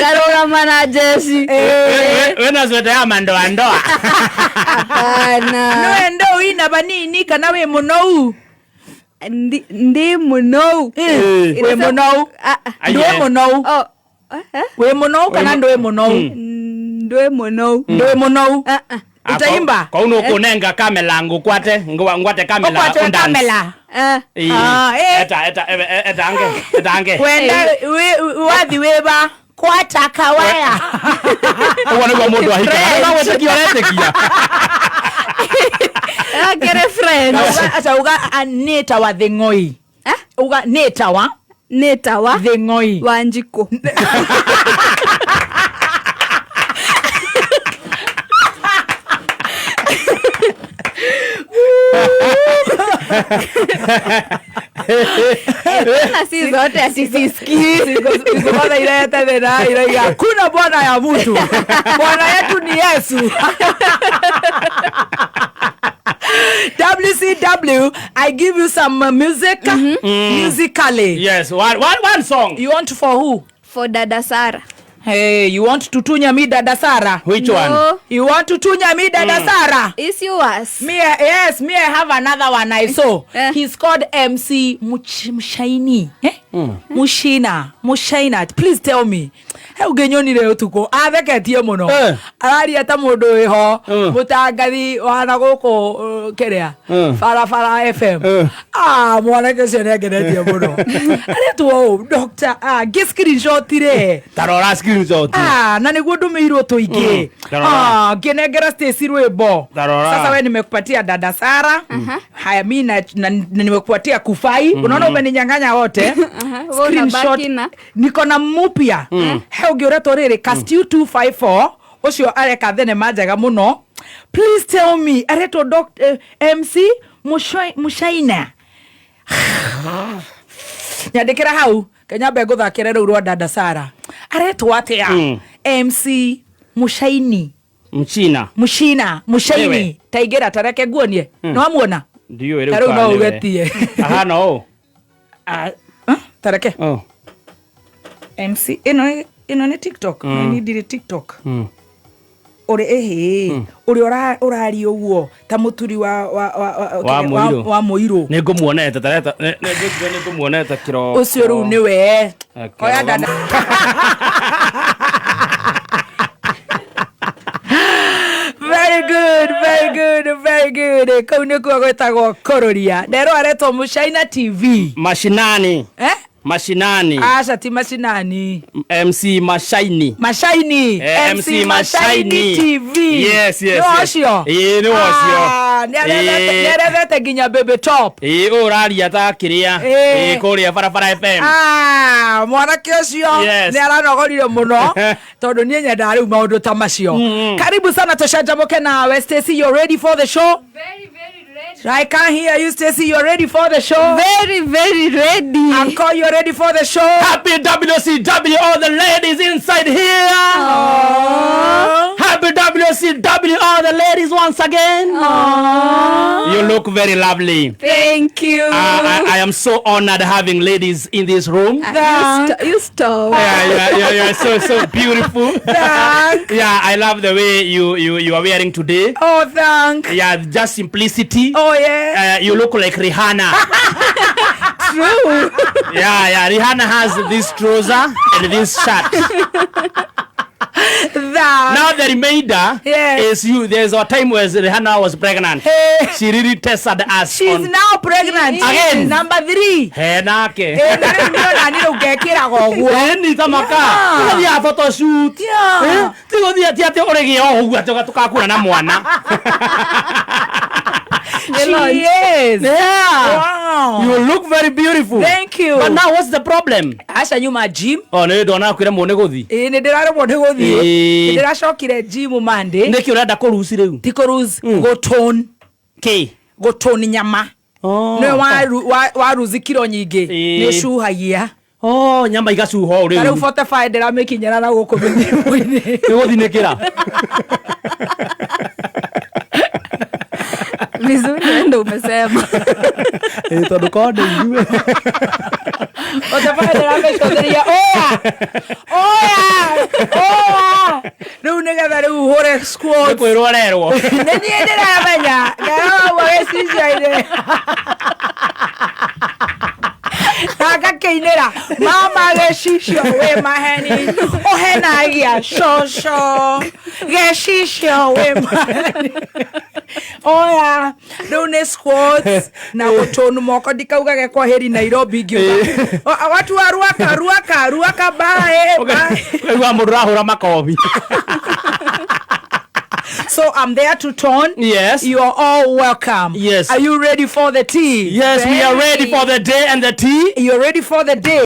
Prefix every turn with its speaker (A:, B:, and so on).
A: ngarũgama na jeci
B: wĩna sweta ya mandoa ndoa
A: nĩwe
C: ndũu ina banini kana wĩ mũnou
A: ndi mũnou
C: wĩ mũnou ndwĩ mũnou wĩ mũnou kana ndwĩ mũnou mm.
A: ndwĩ mũnou
C: mm. ndwĩ mũnou ah, ah. utaimba ah,
B: kwau nũkũnenga eh. kamela ngũkwate ngwate kamela
C: kamela
A: edange
B: eh. ah, eh. eh, edange
C: wenda wathi wiba kwata kawaya
B: ũguo nĩguo mũndũ ahikaga wetĩkia ũretĩkia
A: akere
C: friendsauga nä ng'oi uga nä tawa
A: nä ng'oi wa njikå si zote asizisikii
C: iraiga bwana ya mutu bwana yetu ni Yesu. WCW, I give you some music mm -hmm. musically.
B: Yes, one, one, one song.
C: You want for who? For Dada Hey, you want to tunya me dada Sara?
B: Which no. one?
C: You want to tunya me dada mm. Sara?
A: It's yours.
C: Me, eh, yes, me I have another one I saw. Eh. He's called MC Mchaini. Eh? Mm. mushina mushina please tell me he nginyonire utuko atheketie muno eh. araria ta mundu wiho mutangathi mm. wana guku uh, kiria farafara mm. fm ah mwanake ucio niangenetie muno aretwo dr ngi ah, screenshot re
B: tarora screenshot
C: ah na niguo ndumiirwo tuingi ah nginengera stacy rwimbo sasa we nimekupatia dada sara haya mi na nimekupatia kufai mm-hmm. unaona umeninyang'anya wote niko na mupia hmm. he å retwo rä rä 254 cio areka thenema njega muno please tell me aretwo eh, MC Mushaina nyandikira hau kenyambe rä u rwa dada Sara aretwo atia MC hmm. mcina Mchina Mchina Mushaini taigera tareke nguonie hmm. no amuona ndio ile no ugetie ah, Tareke. Oh. MC ino ino ni TikTok. Mm. Ni dire TikTok. Mm. Ore ehe mm. ore ora urari uguo ta muturi wa wa wa wa, wa, wa muiru.
B: Ni ngumuonete tareta ni ni ngumuonete kiro.
C: Ucio ru ni we. Oya dana. Very good, very good, very good. Kau nikuo gwetagwo Kororia. Ndero aretwo TV.
B: Mashinani. Eh? Mashinani.
C: Asha ti Mashinani.
B: MC Mashaini.
C: Mashaini.
B: Eh, MC Mashaini TV. Yes, yes. Ni wacio. Eh, ni wacio.
C: Ah, Nĩarethete ginya baby top.
B: Ii ũraria ta kĩrĩa. Ii kũrĩa barabara FM.
C: Ah, mwana mwanake ũcio nĩaranogorire mũno tondũ niĩ nyendaga rĩu maũndũ ta macio. Karibu sana na West Stacy, you ready for the show? Very I can't hear you, Stacy. You're ready for the show.
A: Very, very ready.
C: Uncle, you're ready for the show.
B: Happy WCW, all the ladies inside here.
A: Aww.
B: Happy WCW, once again.
A: Aww.
B: You look very lovely.
A: Thank you. Uh,
B: I, I, am so honored having ladies in this room. Uh,
A: thank. You,
C: st- you stole.
B: Yeah, yeah, yeah, So, so beautiful.
A: Thank.
B: yeah, I love the way you, you, you are wearing today.
A: Oh, thank.
B: Yeah, just simplicity.
A: Oh, yeah.
B: Uh, you look like Rihanna.
A: True.
B: yeah, yeah. Rihanna has this trouser and this shirt. Maitha. Now the remainder yes. is you. There's a time when Rihanna was pregnant. Hey. She really tested us.
A: She's on... now pregnant. Again. Number three. He
B: nake. Ni tamaka. Tugathia photo shoot.
A: Yeah.
B: Tugathia ati uri gio hugu atugatukakura na mwana.
A: she is.
B: Yeah.
A: Wow.
B: You look very beautiful. Thank you. But now what's the problem?
C: Acha nyuma gym.
B: Oh, nä ndona kwä remwo nä gå thiä
C: ä nä ndä raremwo nä gå thiä nä ndä racokire gym mandä
B: nä kä å renda kå ruci rä u ti
C: kå ruci mm. gå tån kä gå tån nyama oh, nä waruzi kiro nyingä nä cuhagia
B: Oh, nyama igacuha å
C: rä u rä na gå kå mä thimå-inä
B: nä kä ra amesema tondå
C: u nä getha rä u hå re kwä rwo inä agakeirera mama gecicio we maheni uhenagia coco gecicio we maheni oya riu ni squats na eh. gutunu moko ndikaugage kwa heri nairobi ngiuga eh. watu wa ruaka ruaka ruaka bae
B: kaigua mundu rahura makobi
C: So I'm there to turn. Yes. You are all welcome. Yes. Are you ready for the tea?
B: Yes, Very. we are ready for the day and the tea.
C: You're ready for the day.